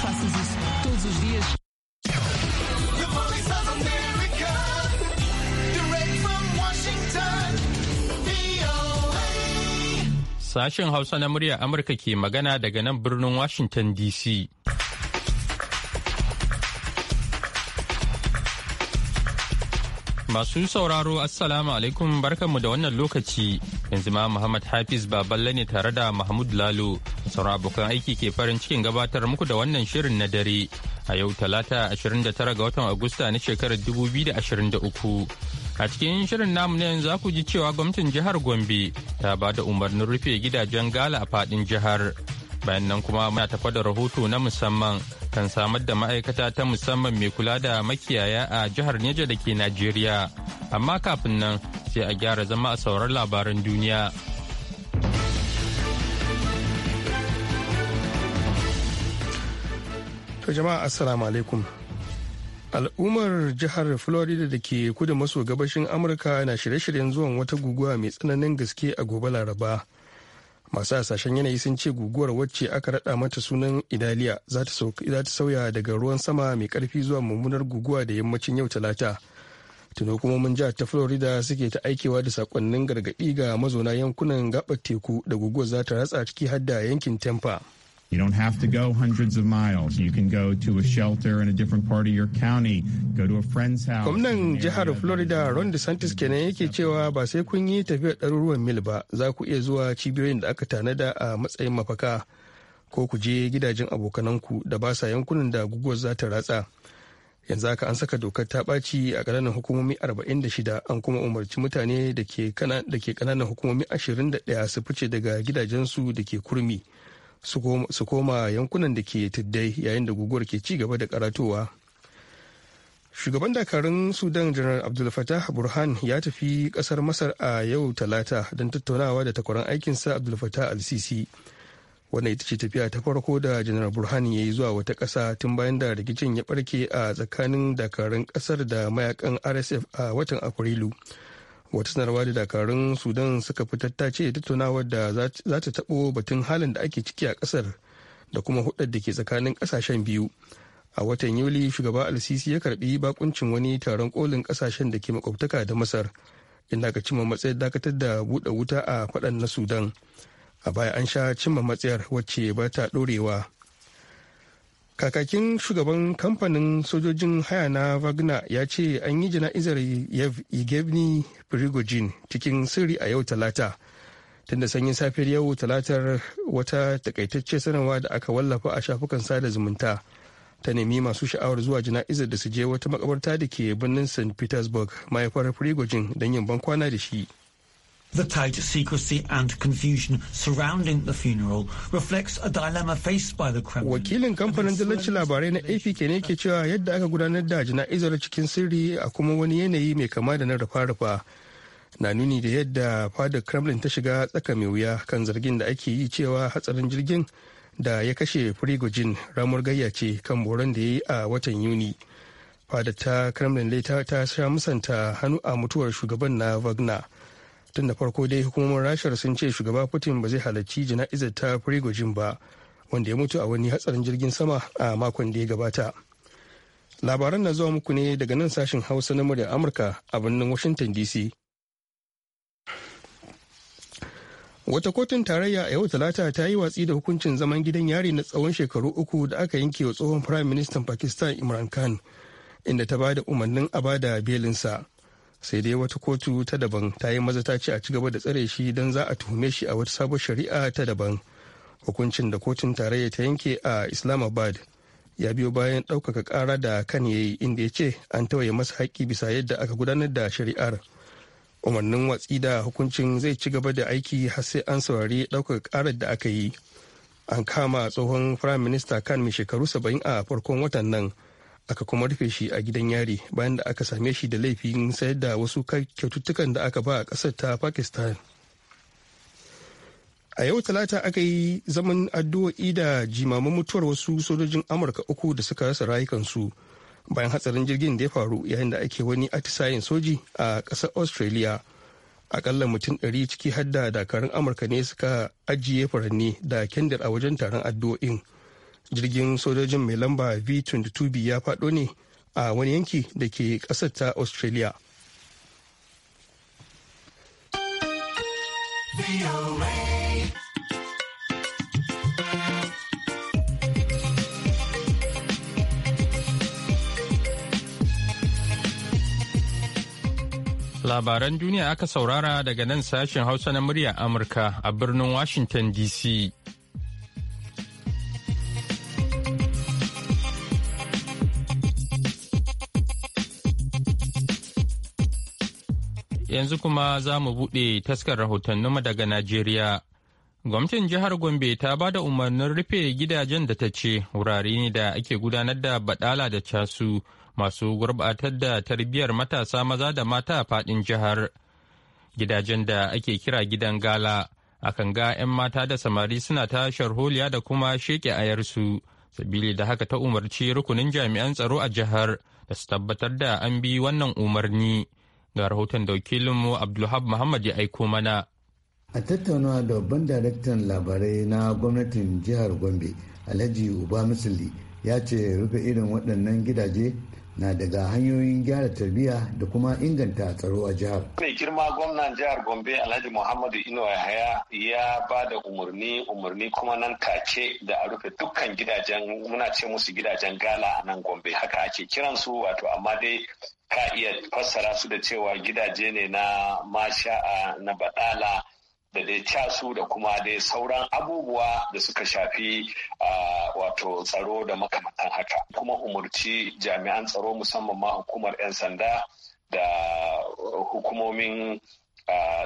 faças isso todos os dias. Sashen Hausa na murya Amurka ke magana daga nan birnin Washington DC. Masu sauraro Assalamu alaikum barkanmu da wannan lokaci yanzu ma Muhammad Hafiz Baballe ne tare da Mahmud Lalo sauran abokan aiki ke farin cikin gabatar muku da wannan shirin na dare a yau talata 29 ga watan Agusta na shekarar 2023. A cikin shirin namu na yanzu ku ji cewa gwamnatin jihar Gombe ta ba da umarnin rufe gidajen gala a fadin jihar. bayan nan kuma muna tafa da rahoto na musamman kan samar da ma'aikata ta musamman mai kula da makiyaya a jihar Neja da ke Najeriya. Amma kafin nan sai a gyara zama a sauran labaran duniya. To jama'a assalamu alaikum. Al'ummar jihar Florida da ke kudu maso gabashin Amurka na shirye-shiryen zuwan wata guguwa mai tsananin gaske a gobe Laraba. masu hasashen yanayi sun ce guguwar wacce aka rada mata sunan idaliya za ta sauya daga ruwan sama mai karfi zuwa mummunar guguwa da yammacin yau talata tuno kuma mun jihar ta florida suke ta aikewa da sakonnin gargadi ga mazauna yankunan gabar teku da guguwar za ta ratsa ciki har da yankin tampa You don't have to go hundreds of miles. You can go to a shelter in a different part of your county, go to a friend's house. Gwamnan jihar Florida Ron DeSantis kenan yake cewa ba sai kun yi tafiyar ɗaruruwan mil ba, za ku iya zuwa cibiyoyin da aka tanada a matsayin mafaka ko ku je gidajen abokananku da ba sa yankunan da guguwar za ta ratsa. yanzu aka an saka dokar ta ɓaci a ƙananan hukumomi 46 an kuma umarci mutane da ke ƙananan hukumomi 21 su fice daga gidajensu da ke kurmi su koma yankunan da ke tuddai yayin da guguwar ke ci gaba da karatowa shugaban dakarun sudan janar abdul fatah burhan ya tafi kasar masar a yau talata don tattaunawa da takwaran aikinsa abdul fatah al-sisi wannan ita ce tafiya ta farko da janar burhan ya yi zuwa wata kasa tun bayan da rikicin ya barke a tsakanin dakarun kasar da mayakan rsf a watan afrilu wata sanarwa da dakarun sudan suka fi tattace tattaunawar da za ta taɓo batun halin da ake ciki a kasar da kuma hudar da ke tsakanin ƙasashen biyu a watan yuli shugaba al-sisi ya karbi bakuncin wani taron kolin ƙasashen da ke makwabtaka da masar inda ka cimma matsayar dakatar da buɗe wuta a faɗan na sudan a baya an sha cimma matsayar wacce ba ta ɗorewa kakakin shugaban kamfanin sojojin haya na wagner ya ce an yi jana'izar yevgeny prigogine cikin sirri a yau talata tunda sanyin safiyar yau talatar wata takaitacce sanarwa da aka wallafa a shafukan sada zumunta ta nemi masu sha'awar zuwa jana'izar da su je wata makabarta da ke birnin st petersburg mahaifar prigogine don yin bankwana da shi The tide secrecy and confusion surrounding the funeral reflects a dilemma faced by the Kremlin. Wakilin kamfanin dalancin labarai na APK ne ke cewa yadda aka gudanar da jana'izar cikin sirri a kuma wani yanayi mai kama da na rufa-rufa. Na nuni da yadda fadar Kremlin ta shiga tsaka mai wuya kan zargin da ake yi cewa hatsarin jirgin da ya kashe Prigozhin ramur gayya ce kan boron da ya yi a watan Yuni. Fadar ta Kremlin ta sha musanta hannu a mutuwar shugaban na Wagner. tun da farko dai hukumomin rashar sun ce shugaba putin ba zai halarci jana'izar ta prigozhin ba wanda ya mutu a wani hatsarin jirgin sama a makon da ya gabata labaran na zuwa muku ne daga nan sashen hausa na murya amurka a birnin washington dc wata kotun tarayya a yau talata ta yi watsi da hukuncin zaman gidan yari na tsawon shekaru uku da aka yanke wa tsohon firayim ministan pakistan imran khan inda ta ba da umarnin a bada belinsa sai dai wata kotu ta daban ta yi maza ta ce a ci gaba da tsare shi don za a tuhume shi a wata sabon shari'a ta daban hukuncin da kotun tarayya ta yanke a islamabad ya biyo bayan ɗaukaka ƙara da kan yayi inda ya ce an tawaye masa haƙƙi bisa yadda aka gudanar da shari'ar umarnin watsi da hukuncin zai ci gaba da aiki har sai an saurari ɗaukaka ƙarar da aka yi an kama tsohon firayim minista kan mai shekaru saba'in a farkon watan nan aka kuma rufe shi a gidan yari bayan da aka same shi da laifin sayar da wasu kyaututtukan da aka ba a ƙasar ta pakistan a yau talata aka yi zaman addu'o'i da jimamin mutuwar wasu sojojin amurka uku da suka rasa rayukansu bayan hatsarin jirgin da ya faru yayin da ake wani atisayen soji a ƙasar australia akalla mutum ɗari ciki hadda dakarun amurka ne suka ajiye furanni da kendir a wajen taron addu'o'in. jirgin sojojin mai lamba v-22b ya faɗo ne a wani yanki da ke ƙasar ta australia Labaran duniya aka saurara daga nan sashen Hausa na murya Amurka a birnin Washington DC. Yanzu kuma za mu buɗe taskar rahotanninmu daga Najeriya. Gwamnatin jihar Gombe ta ba da umarnin rufe gidajen da ta ce wurare ne da ake gudanar da baɗala da casu masu gurbatar da tarbiyyar matasa maza da mata a faɗin jihar. Gidajen da ake kira gidan gala, akan ga 'yan mata da samari suna ta sharholiya da kuma sheƙe ayarsu. Sabili da haka ta umarci rukunin jami'an tsaro a jihar da su tabbatar da an bi wannan umarni. ga rahoton da wakilinmu abdulhab muhammad ya aiko mana a tattaunawa da babban daraktan labarai na gwamnatin jihar gombe alhaji uba musulli ya ce rufe irin waɗannan gidaje na daga hanyoyin gyara tarbiyya da kuma inganta tsaro a jihar. Mai girma gwamnan jihar Gombe Alhaji Muhammadu ino Yahaya ya ba da umarni umarni kuma nan take da a rufe dukkan gidajen muna ce musu gidajen gala a nan Gombe haka ake kiransu wato amma dai ka iya fassara su da cewa gidaje ne na masha'a na badala da dai casu da kuma dai sauran abubuwa da suka shafi wato tsaro da makamantan haka kuma umarci jami'an tsaro musamman ma hukumar 'yan sanda da hukumomin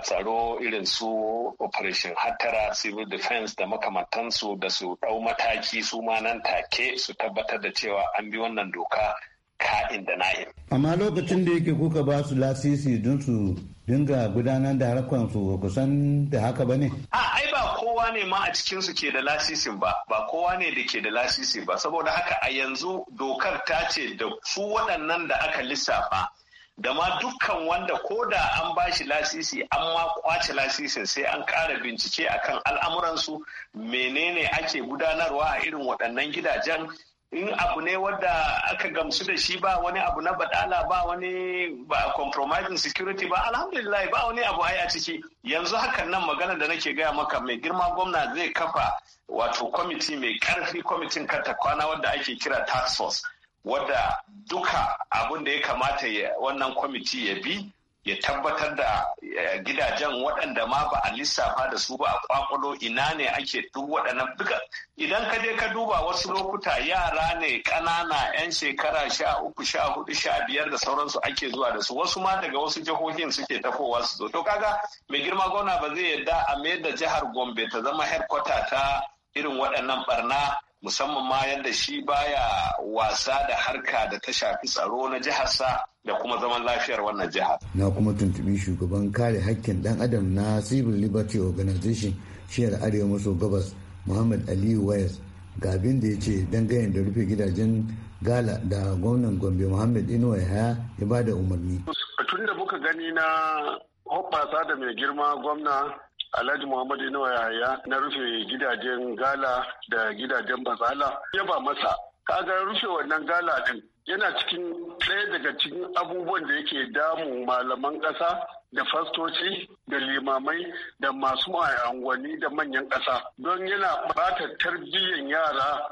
tsaro irin su operation hattara civil defense da makamantansu da su ɗau mataki su ma nan take su tabbatar da cewa an bi wannan doka ka'in da na'in. amma lokacin da yake kuka ba su lasisi don su dinga gudanar da harkar su kusan da haka ba ne? a ai ba kowa ne ma a cikin ke da lasisin ba ba kowa ne da ke da lasisi ba saboda haka a yanzu dokar ta ce da su waɗannan da aka lissafa da ma dukkan wanda ko da an ba shi lasisi an ma kwace lasisin sai an ƙara bincike akan al'amuransu menene ake gudanarwa a irin waɗannan gidajen in abu ne wadda aka gamsu da shi ba wani abu na badala ba wani ba compromising security ba alhamdulillah ba wani abu ai a ciki yanzu hakan nan magana da nake gaya maka mai girma gwamna zai kafa wato kwamiti mai karfi kwamitin kata kwana wadda ake kira task force wadda duka abun da ya kamata wannan kwamiti ya bi ya tabbatar da eh, gidajen waɗanda ma ba a lissafa da su ba a kwakwalo ina ne ake duk waɗannan duka idan ka je ka duba wasu lokuta yara ne ƙanana 'yan shekara sha uku sha hudu sha biyar da sauransu ake zuwa da su wasu ma daga wasu jihohin suke tafowa su zo to kaga mai girma gwamna ba zai yarda a mayar da jihar gombe ta zama headquarter ta irin waɗannan barna musamman ma yadda shi baya wasa da harka da ta shafi tsaro na jiharsa da kuma zaman lafiyar wannan jihar. Na kuma tuntubi shugaban kare hakkin dan adam na Civil Liberty Organization shiyar Arewa maso gabas Muhammad Aliyu Wayas ga abin da ya ce dangane da rufe gidajen gala da gwamnan Gombe Muhammad Inuwa Yahaya ya ba da umarni. Tun da muka gani na hoɓɓasa da mai girma gwamna Alhaji Muhammad Inuwa Yahaya na rufe gidajen gala da gidajen bazala ya ba masa kaga rufe wannan gala din yana cikin ɗaya daga cikin abubuwan da yake damu: malaman ƙasa da fastoci da limamai da masu anguwanni da manyan ƙasa don yana bata tarbiyyar yara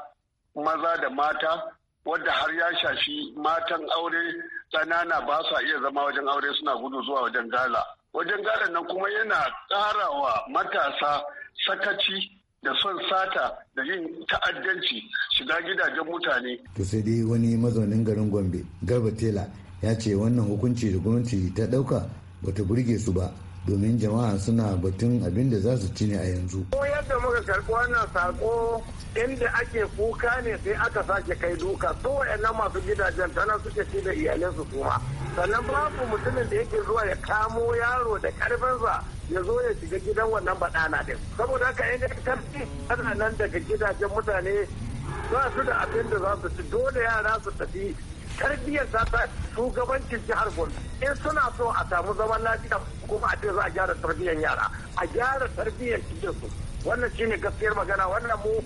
maza da mata wadda har ya shafi matan aure tsanana ba sa iya zama wajen aure suna gudu zuwa wajen gala wajen gada nan kuma yana ƙara matasa sakaci da son sata da yin ta'addanci shiga gidajen mutane. To sai dai wani mazaunin garin Gombe, Garba Tela, ya ce wannan hukunci da gwamnati ta ɗauka bata burge su ba domin jama'a suna batun abin da za su ci ne a yanzu. Ko yadda muka karɓi wannan sako inda ake kuka ne sai aka sake kai duka su waɗannan masu gidajen tana suke ci da su kuma. Sannan babu mutumin da yake zuwa ya kamo yaro da ƙarfinsa ya zo ya shiga gidan wannan baɗana din. Saboda haka in karfi ana nan daga gidajen mutane za su da abin da za su ci dole yara su tafi tarbiyyar ta shugabancin jihar Gombe. In suna so a samu zaman lafiya kuma a ce za a gyara tarbiyyar yara a gyara tarbiyyar cikinsu wannan shine gaskiyar magana wannan mu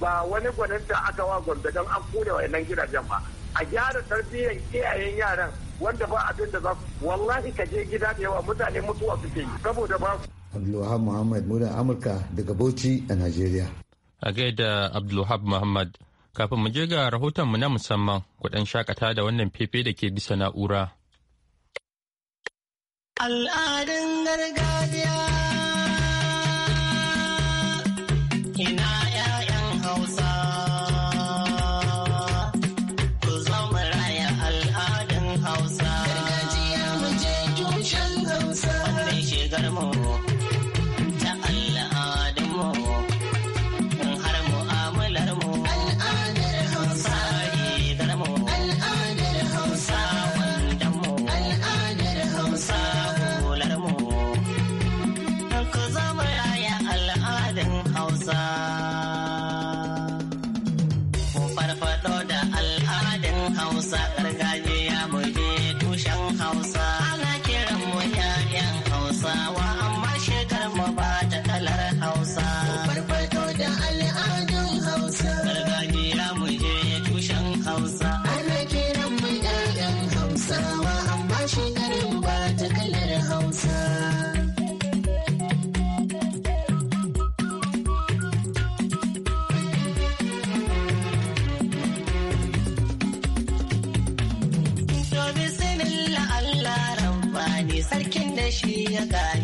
ba wani gwanin da aka wa gwanda don an kone wayannan gidajen ba a gyara tarbiyyar iyayen yaran wanda ba abin da za su wallahi ka je gida da yawa mutane mutuwa suke yi saboda ba su. Abdulwahab Muhammad Mudan Amurka daga Bauchi a Najeriya. A gaida Abdulwahab Muhammad kafin mu je ga rahoton mu na musamman kuɗin shakata da wannan fefe da ke bisa na'ura. Al'adun gargajiya ina Yeah. cae.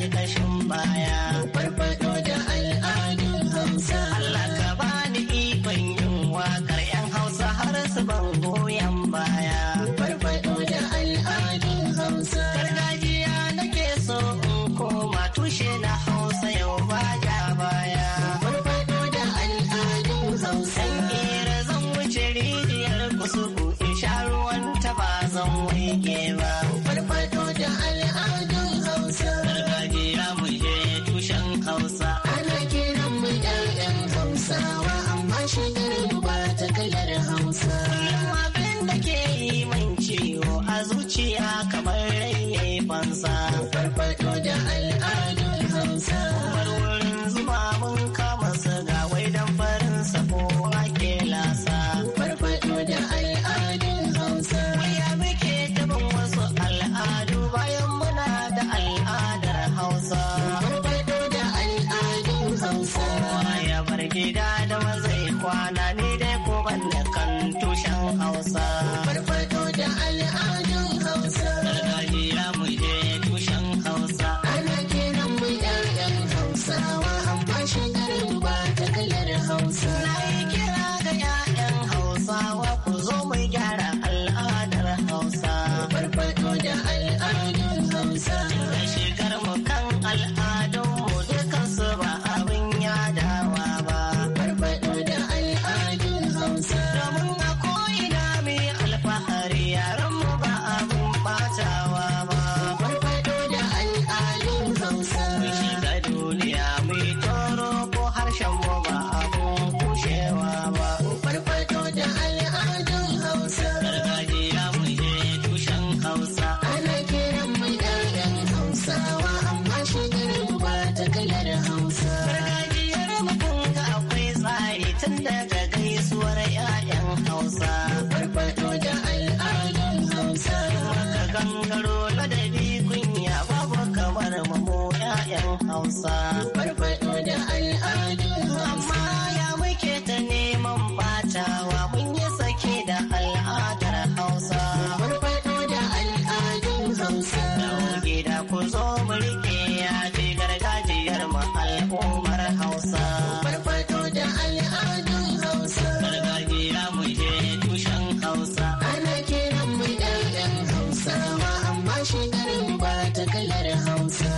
Dawo gida ku zo mu riƙe yaji gargajiyar mu al'ummar Hausa. Farfato da al'adun Hausa. Gargajiya mu je tushen Hausa. Ana kiran mu ɗayan Hausa. Ma amma shekarun ba ta kalar Hausa.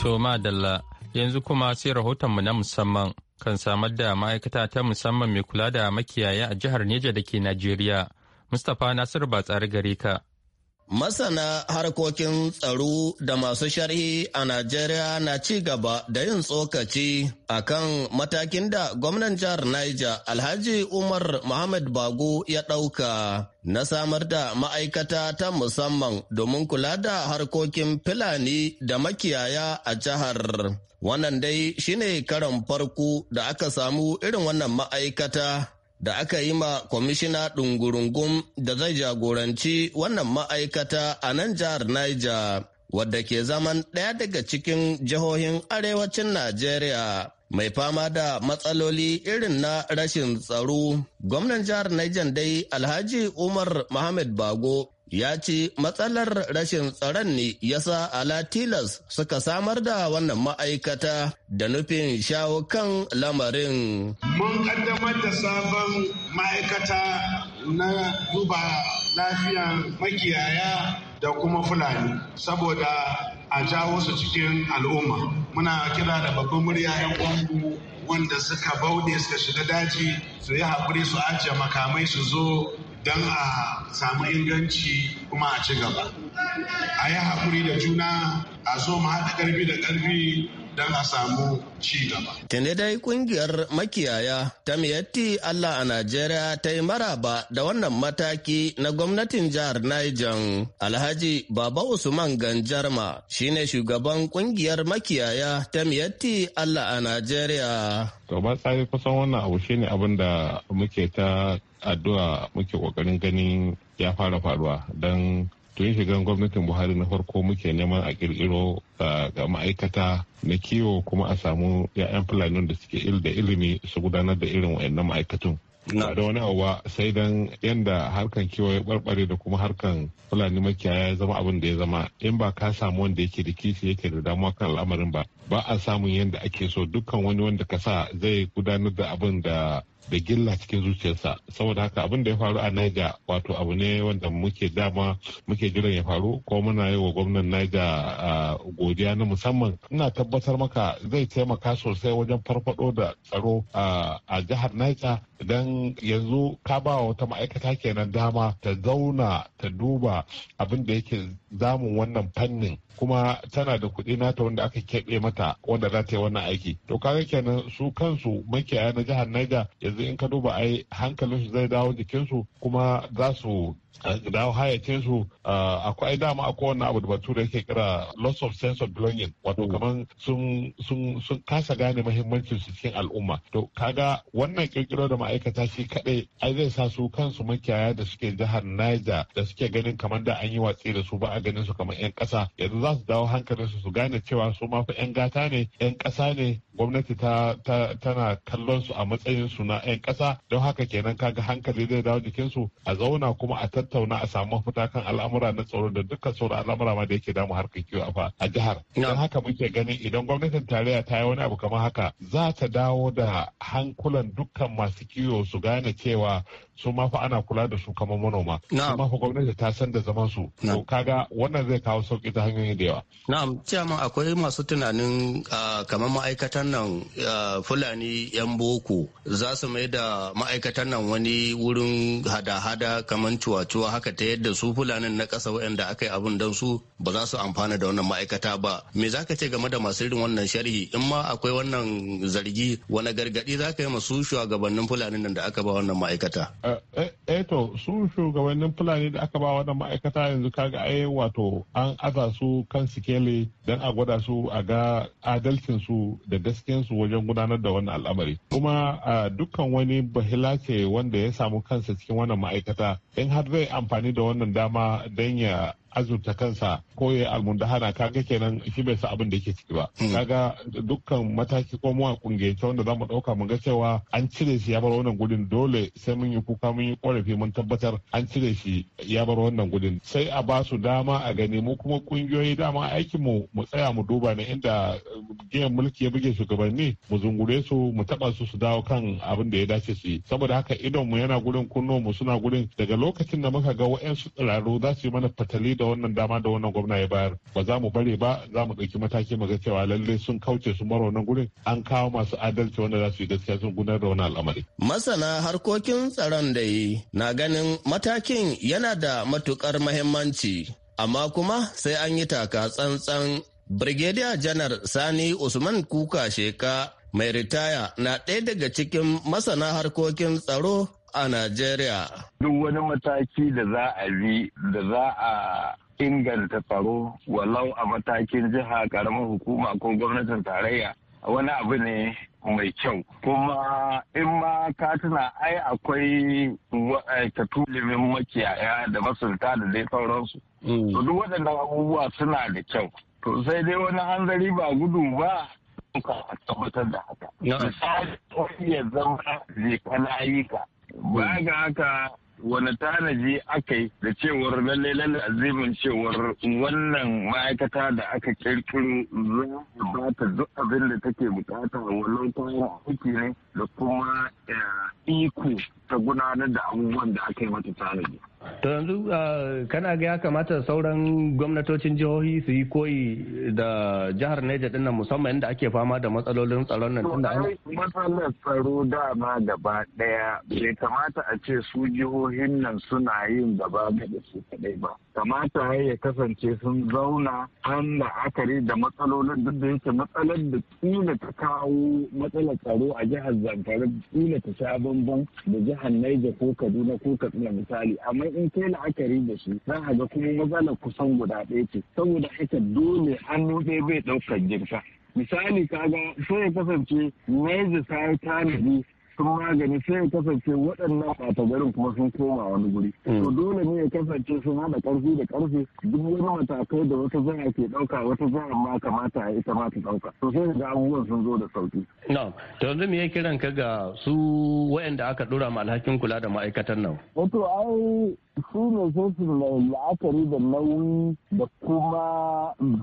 To madalla yanzu kuma sai rahotonmu na musamman. kan samar da ma'aikata ta musamman mai kula da makiyaya a jihar Neja da ke Najeriya. Mustapha Nasiru ba tsari gare ka. Masana harkokin tsaro da masu sharhi a Najeriya na ci gaba da yin tsokaci a kan matakin da gwamnan jihar Niger Alhaji Umar Muhammad Bago ya ɗauka na samar da ma'aikata ta musamman domin kula da harkokin Fulani da makiyaya a jihar. Wannan dai shine karon farko da aka samu irin wannan ma'aikata da aka yi ma kwamishina ɗungurungun da zai jagoranci wannan ma'aikata a nan jihar Niger, wadda ke zaman ɗaya daga cikin jihohin arewacin Najeriya. Mai fama da matsaloli irin na rashin tsaro, gwamnan jihar Niger dai Alhaji Umar Mohamed Bago ya ce matsalar rashin tsaron ne ya sa alatilas suka samar da wannan ma'aikata da nufin shawo kan lamarin. Mun kaddamar da sabon ma'aikata na duba lafiyar makiyaya da kuma fulani saboda a jawo su cikin al'umma. Muna kira da babban murya 'yan wanda suka bauɗe suka shiga daji su yi haƙuri su ajiye makamai su zo don a samu inganci kuma a ci gaba a yi haƙuri da juna a zo mu haɗa ƙarfi da ƙarfi don a samu ci gaba. Tene dai kungiyar makiyaya ta miyatti Allah a Najeriya ta yi maraba da wannan mataki na gwamnatin jihar Niger. Alhaji Baba Usman Ganjarma shine shugaban kungiyar makiyaya ta miyatti Allah a Najeriya. To tsari kusan wannan abu shine abin da muke ta addu'a muke kokarin ganin ya fara faruwa don tun shigan gwamnatin buhari na farko muke neman a kirkiro ga ma'aikata na kiwo kuma a samu 'ya'yan fulani da suke il da ilimi su gudanar da irin wa'annan ma'aikatun na da wani awa sai dan yanda harkan kiwo ya barbare da kuma harkan fulani makiyaya ya zama abin da ya zama in ba ka samu wanda yake da kishi yake da damuwa kan al'amarin ba ba a samun yadda ake so dukkan wani wanda ka sa zai gudanar da abin da da gilla cikin zuciyarsa saboda haka abin da ya faru a Niger wato abu ne wanda muke dama muke jiran ya faru ko muna yi wa gwamnan Niger godiya na musamman ina tabbatar maka zai taimaka sosai wajen farfado da tsaro a jihar Niger idan yanzu ka ba wata ma'aikata kenan dama ta zauna ta duba abin da yake zamun wannan fannin kuma tana da kuɗi nata wanda aka keɓe mata wanda za ta yi wannan aiki to kaga kenan su kansu makiyaya na jihar Niger yanzu in ka duba ai hankalin su zai dawo jikinsu kuma za su dawo hayyacin su akwai dama akwai wani abu da bature yake kira loss of sense of belonging wato mm. kamar sun kasa gane mahimmancin su cikin al'umma to kaga wannan kirkiro da ma'aikata shi kadai ai zai sa su kansu makiyaya da suke jihar Niger da suke ganin kamar da an yi watsi da su ba a ganin su kamar yan kasa yanzu za su dawo hankalin su su gane cewa su ma fa yan gata ne yan kasa ne gwamnati ta tana kallon su a matsayin su na yan kasa don haka kenan kaga hankali zai dawo jikin su a zauna kuma a tattauna a samu mafita kan al'amura na tsaro da dukkan sauran al'amura ma da yake damu harkar kiwo a jihar. Don haka muke ganin idan gwamnatin tarayya ta yi wani abu kamar haka za ta dawo da hankulan dukkan masu kiwo su gane cewa su ma fa ana kula da su kamar manoma. Na'am. ma fa gwamnati ta san da zaman su. To kaga wannan zai kawo sauki ta hanyoyi da yawa. Na'am, ciyama akwai masu tunanin ah, kamar ma'aikatan nan ah, Fulani 'yan boko za su mai da ma'aikatan nan wani wurin hada-hada kamar cuwacu cuwa haka ta yadda su fulanin na ƙasa waɗanda aka yi abin don su ba za su amfana da wannan ma'aikata ba me za ka ce game da masu irin wannan sharhi in ma akwai wannan zargi wani gargaɗi za ka yi masu shugabannin fulanin nan da aka ba wannan ma'aikata. eh, eh, eh to su shugabannin fulani da aka ba wannan ma'aikata yanzu kaga ai wato an aza su kan sikeli don a gwada su a ga adalcin su da gaskiyan su wajen gudanar da wannan al'amari kuma dukkan wani bahilace wanda ya samu kansa cikin wannan ma'aikata in har zai amfani da wannan dama don ya azurta kansa ko ya almundahana kaga kenan shi bai sa abin da yake ciki ba hmm. kaga dukkan mataki ko muwa a kungiyance wanda zamu dauka mu ga cewa an cire shi ya bar wannan gudun dole sai mun yi kuka mun yi korafi mun tabbatar an cire shi ya bar wannan gudun sai a ba su dama a gani mu kuma kungiyoyi dama aikin mu mu tsaya mu duba na inda giyan mulki ya buge shugabanni mu zungure su mu taba su su dawo kan abin da ya dace su yi saboda haka idon mu yana gudun kunno mu suna gudun. daga lokacin da muka ga wa'ansu tsiraru za su yi mana fatali da da wannan dama da wannan gwamna ya bayar ba za mu bare ba za mu ɗauki mataki mu ga cewa lalle sun kauce su mara wannan gurin an kawo masu adalci wanda za su yi gaskiya sun gudanar da wani al'amari. Masana harkokin tsaron da yi na ganin matakin yana da matukar mahimmanci amma kuma sai an yi taka tsantsan Brigadier Janar Sani Usman Kuka Sheka mai ritaya na ɗaya daga cikin masana harkokin tsaro a Najeriya. Duk wani mataki da za a bi da za a inganta tsaro walau a matakin jiha karamin hukuma ko gwamnatin tarayya wani abu ne mai kyau kuma in ma katina ai akwai wa'aikatu limin makiyaya da masulta da dai sauransu mm. to duk waɗanda abubuwa suna da kyau to sai dai wani hanzari ba gudu ba ka tabbatar da haka misali ya zama zai kana yi Baya hmm. ga haka wani tanaji aka yi da cewar lalle lalle azimin cewar wannan ma'aikata da aka kirkiro za ta duk abin da take bukata walau kayan aiki ne da kuma eh, iko ta gudanar da abubuwan da aka yi mata tanadi. To yanzu ah, kana ga ya kamata sauran gwamnatocin jihohi su yi koyi da jihar Neja dinnan musamman inda ake fama da matsalolin tsaron nan tunda ai matsalar tsaro dama gaba daya bai kamata a ce su jihohin nan suna yin gaba da su kadai ba kamata ai ya kasance sun zauna an da akari da matsalolin duk da yake matsalar da kila ta kawo matsalar tsaro a jihar zamfara kila ta sha bambam da jihar Niger ko Kaduna ko Katsina misali amma in kai la'akari da shi za ga kuma matsalar kusan guda ɗaya ce saboda haka dole hannu ɗaya bai ɗaukar girka misali kaga sai ya kasance Niger sai tanadi sun magani sai ya kasance waɗannan ɓata garin kuma sun koma wani guri. To hmm. dole ne ya kasance sun haɗa ƙarfi da ƙarfi duk wani matakai da wata zaya ke ɗauka wata zaya ma kamata a ita ma ta ɗauka. To sai ga abubuwan sun zo da sauki. Na, to yanzu me ya kiran ka ga su waɗanda aka ɗora ma alhakin kula da ma'aikatan nan? Wato ai su ne sai su la'akari da nauyi da kuma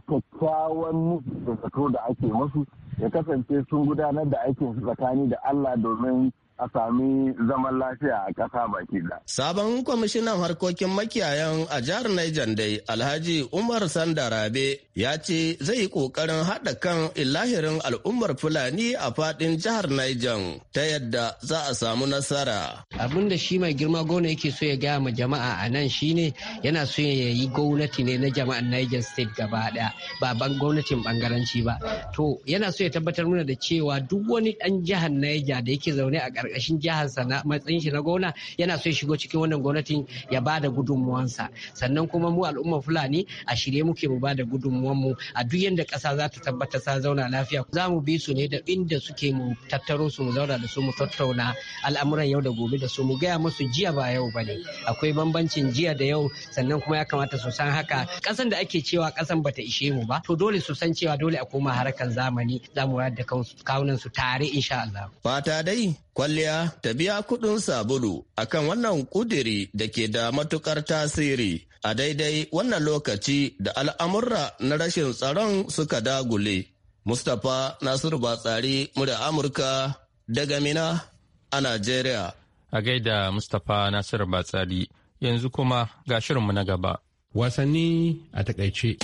kyakkyawan da zato da ake musu ya kasance sun gudanar da aikin tsakani da Allah domin a sami zaman lafiya a kasa baki da. Sabon kwamishinan harkokin makiyayan a jihar Niger dai Alhaji Umar Sandarabe ya ce zai yi ƙoƙarin haɗa kan ilahirin al'ummar Fulani a faɗin jihar Niger ta yadda za a samu nasara. Abin da shi mai girma gona yake so ya gaya ma jama'a a nan shine yana so ya yi gwamnati ne na jama'an Niger State gaba ɗaya ba ban gwamnatin bangaranci ba. To yana so ya tabbatar mana da cewa duk wani ɗan jihar Niger da yake zaune a karkashin jiharsa na matsayin shi na gona yana so ya shigo cikin wannan gwamnatin ya ba da sa sannan kuma mu al'umma fulani a shirye muke mu ba da mu a duk yadda ƙasa za ta tabbata sa zauna lafiya za mu bi su ne da inda suke mu tattaro su mu zauna da su mu tattauna al'amuran yau da gobe da su mu gaya musu jiya ba yau ba ne akwai bambancin jiya da yau sannan kuma ya kamata su san haka ƙasan da ake cewa ƙasan bata ishe mu ba to dole su san cewa dole a koma harkar zamani za mu da kawunan su tare insha Allah. Fata dai kwalliya ta biya kudin sabulu akan wannan ƙudiri da ke da matukar tasiri a daidai wannan lokaci da al'amurra na rashin tsaron suka dagule. Mustapha Nasiru Batsari murya Amurka daga Mina a Najeriya. A gaida Mustapha Nasiru Batsari yanzu kuma ga shirinmu na gaba. Wasanni a takaice.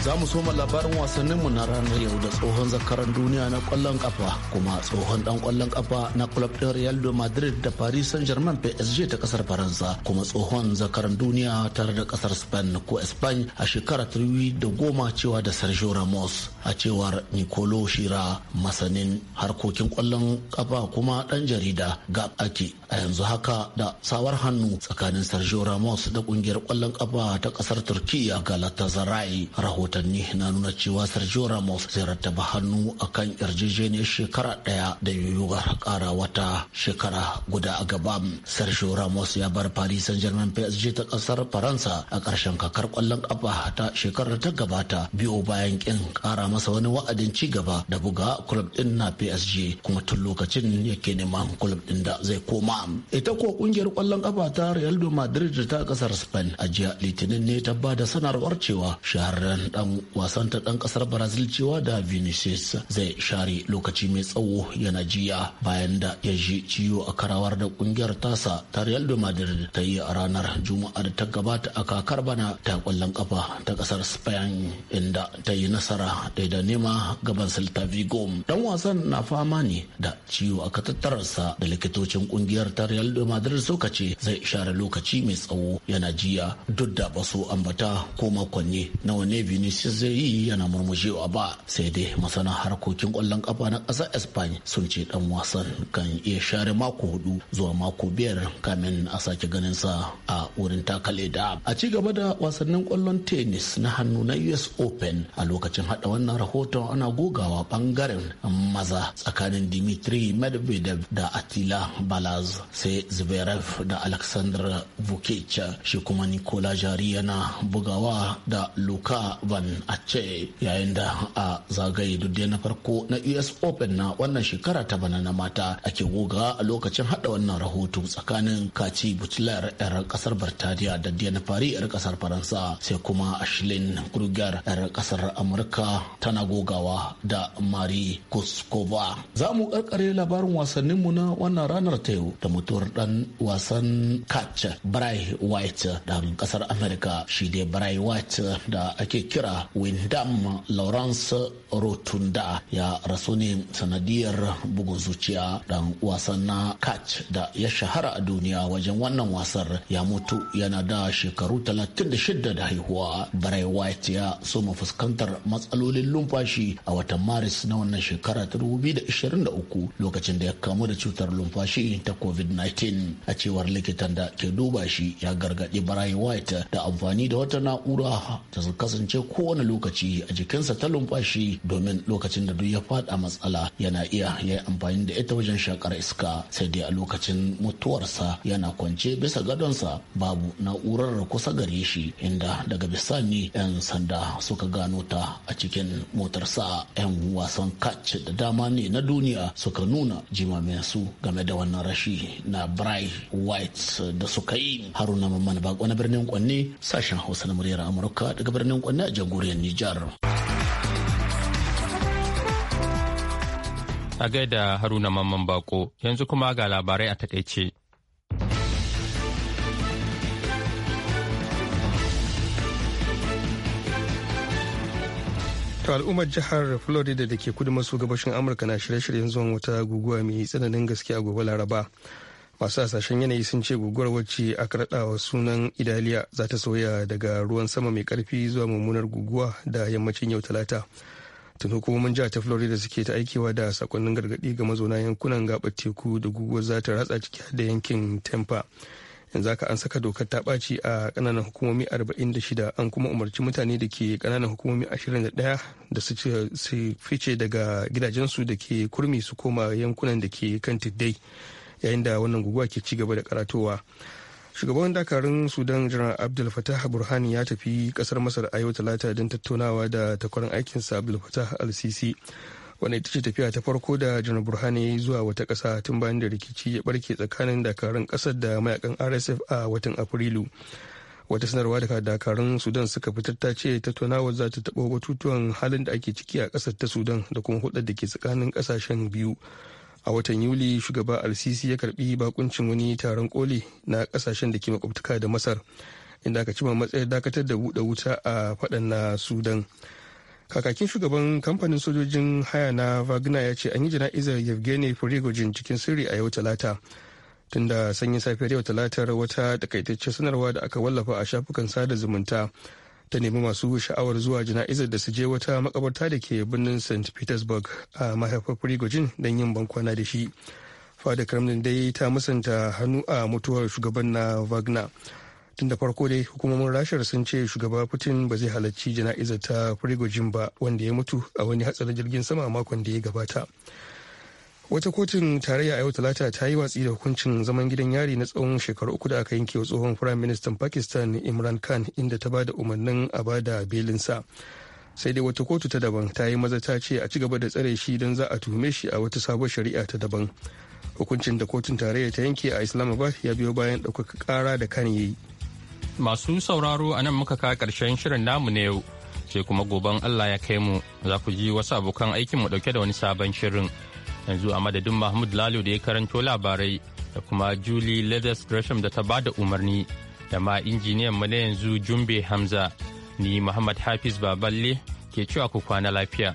Za mu soma labarin wasanninmu na ranar yau da tsohon zakaran duniya na kwallon kafa kuma tsohon dan kwallon kafa na club din Real de Madrid da Paris Saint-Germain PSG ta kasar Faransa kuma tsohon zakaran duniya tare da kasar Spain ko Spain a shekara ta da goma cewa da Sergio Ramos a cewar Nicolo Shira masanin harkokin kwallon kafa kuma dan jarida ga ake a yanzu haka da sawar hannu tsakanin Sergio Ramos da kungiyar kwallon kafa ta kasar Turkiya Galatasaray rahoton rahotanni na nuna cewa Sergio Ramos zai rattaba hannu a kan yarjejeniyar shekara ɗaya da yiwuwar ƙara wata shekara guda a gaba. Sergio Ramos ya bar Paris Saint-Germain PSG ta ƙasar Faransa a ƙarshen kakar ƙwallon ƙafa ta shekarar ta gabata biyo bayan ƙin ƙara masa wani wa'adin ci gaba da buga club ɗin na PSG kuma tun lokacin yake neman club ɗin da zai koma. Ita ko ƙungiyar ƙwallon ƙafa ta Real Madrid ta ƙasar Spain a jiya Litinin ne ta ba da sanarwar cewa shahararren dan wasan ta dan kasar Brazil cewa da Vinicius zai share lokaci mai tsawo yana jiya bayan da ya ji ciwo a karawar da kungiyar tasa ta Real Madrid ta yi a ranar Juma'a da ta gabata a kakar bana ta kwallon kafa ta kasar Spain inda ta yi nasara da da nema gaban Celta Vigo. Dan wasan na fama ne da ciwo a katattararsa da likitocin kungiyar ta Real Madrid suka ce zai share lokaci mai tsawo yana jiya duk da basu ambata ko makonni nawa ne Vinicius murmushi zai yi yana murmushewa ba sai dai masana harkokin kwallon kafa na ƙasa espanya sun ce dan wasan kan iya share mako hudu zuwa mako biyar kamin a sake ganin sa a wurin takale da a ci gaba da wasannin kwallon tennis na hannu na us open a lokacin hada wannan rahoton ana gogawa bangaren maza tsakanin dimitri medvedev da attila balaz sai zverev da alexander vukic shi kuma nikola jari yana bugawa da luka a ce yayin da a zagaye dudde na farko na US Open na wannan shekara ta bana na mata ake goga a lokacin hada wannan rahoto tsakanin Kaci Butler yar kasar Birtaniya da Diana Fari yar kasar Faransa sai kuma Ashlyn Kruger yar kasar Amurka tana gogawa da Mari Kuskova. Za mu karkare labarin wasannin mu na wannan ranar ta yau da mutuwar dan wasan Kat Bray White da kasar Amerika, shi dai Bray White da ake kira fada windam lawrence rotunda ya rasu ne sanadiyar bugun zuciya dan wasan na catch da ya shahara a duniya wajen wannan wasar ya mutu yana da shekaru 36 da haihuwa Bray white ya soma fuskantar matsalolin lumfashi a watan maris na wannan shekara ta 2023 lokacin da ya kamu da cutar lumfashi ta covid-19 a cewar likitan da ke duba shi ya gargadi Bray white da amfani da wata na'ura ta kasance kowane lokaci a jikinsa ta lumfashi domin lokacin da duk ya fada matsala yana iya ya yi amfani da ita wajen shakar iska sai dai a lokacin mutuwarsa yana kwance bisa gadonsa babu na'urar kusa gare shi inda daga bisani 'yan sanda suka gano ta a cikin motarsa 'yan wasan kac da dama ne na duniya suka nuna jimamin su game da wannan rashi na bry white da suka yi haruna mamman bakwai na birnin kwanne sashen hausa na muryar amurka daga birnin kwanne a jamhuriyar Nijar. A gaida Haruna Mamman Bako yanzu kuma ga labarai a takaice. To al'ummar jihar Florida da ke kudu maso gabashin Amurka na shirye-shiryen zuwan wata guguwa mai tsananin gaske a gobe Laraba. masu hasashen yanayi sun ce guguwar wacce aka raɗawa sunan idaliya za ta sauya daga ruwan sama mai karfi zuwa mummunar guguwa da yammacin yau talata tun hukumomin jihar ta florida suke ta aikewa da sakonnin gargaɗi ga mazauna yankunan gaɓar teku da guguwar za ta ratsa ciki da yankin tampa yanzu haka an saka dokar ta ɓaci a ƙananan hukumomi 46 an kuma umarci mutane da ke ƙananan hukumomi 21 da su fice daga gidajensu da ke kurmi su koma yankunan da ke kan tiddai yayin da wannan guguwa ke ci gaba da karatowa shugaban dakarun sudan jiran abdul fatah burhani ya tafi kasar masar a yau talata don tattaunawa da takwarar aikinsa abdul fatah al-sisi wanda ita ce tafiya ta farko da janar burhani zuwa wata kasa tun bayan da rikici ya barke tsakanin dakarun kasar da mayakan rsf a watan afrilu wata sanarwa daga dakarun sudan suka fitar ta ce tattaunawar za ta taɓo batutuwan halin da ake ciki a kasar ta sudan da kuma hudar da ke tsakanin kasashen biyu a watan yuli shugaba al-sisi ya karbi bakuncin wani taron koli na kasashen da ke makwabtaka da masar inda aka cima matsayar dakatar da buɗe wuta a faɗan na sudan kakakin shugaban kamfanin sojojin haya na wagner ya ce an yi jana'izar yevgeny prigozhin cikin sirri a yau talata tunda sanyin safiyar yau talatar wata takaitaccen sanarwa da aka wallafa a shafukan sada zumunta ta nemi masu sha'awar zuwa jana'izar da su je wata makabarta da ke birnin st petersburg a mahaifar prigozhin don yin bankwana da shi fada kremlin dai ta musanta hannu a mutuwar shugaban na wagner tun da farko dai hukumomin rashar sun ce shugaba putin ba zai halarci jana'izar ta prigozhin ba wanda ya mutu a wani hatsarin jirgin sama makon da ya gabata wata kotun tarayya a yau talata ta yi watsi da hukuncin zaman gidan yari na tsawon shekaru uku da aka yanke wa tsohon firayim ministan pakistan imran khan inda ta ba da umarnin a ba da belinsa sai dai wata kotu ta daban ta yi maza ta ce a ci gaba da tsare shi don za a tuhume shi a wata sabuwar shari'a ta daban hukuncin da kotun tarayya ta yanke a islamabad ya biyo bayan ɗaukaka ƙara da kan yayi masu sauraro a nan muka kawo ƙarshen shirin namu ne yau sai kuma goben allah ya kai mu za ku ji wasu abokan aikinmu ɗauke da wani sabon shirin yanzu a madadin mahmud lalo da ya karanto labarai da kuma julie leathers gresham da ta bada umarni da ma injiniyan mu na yanzu jumbe hamza ni muhammad hafiz baballe ke cewa ku kwana lafiya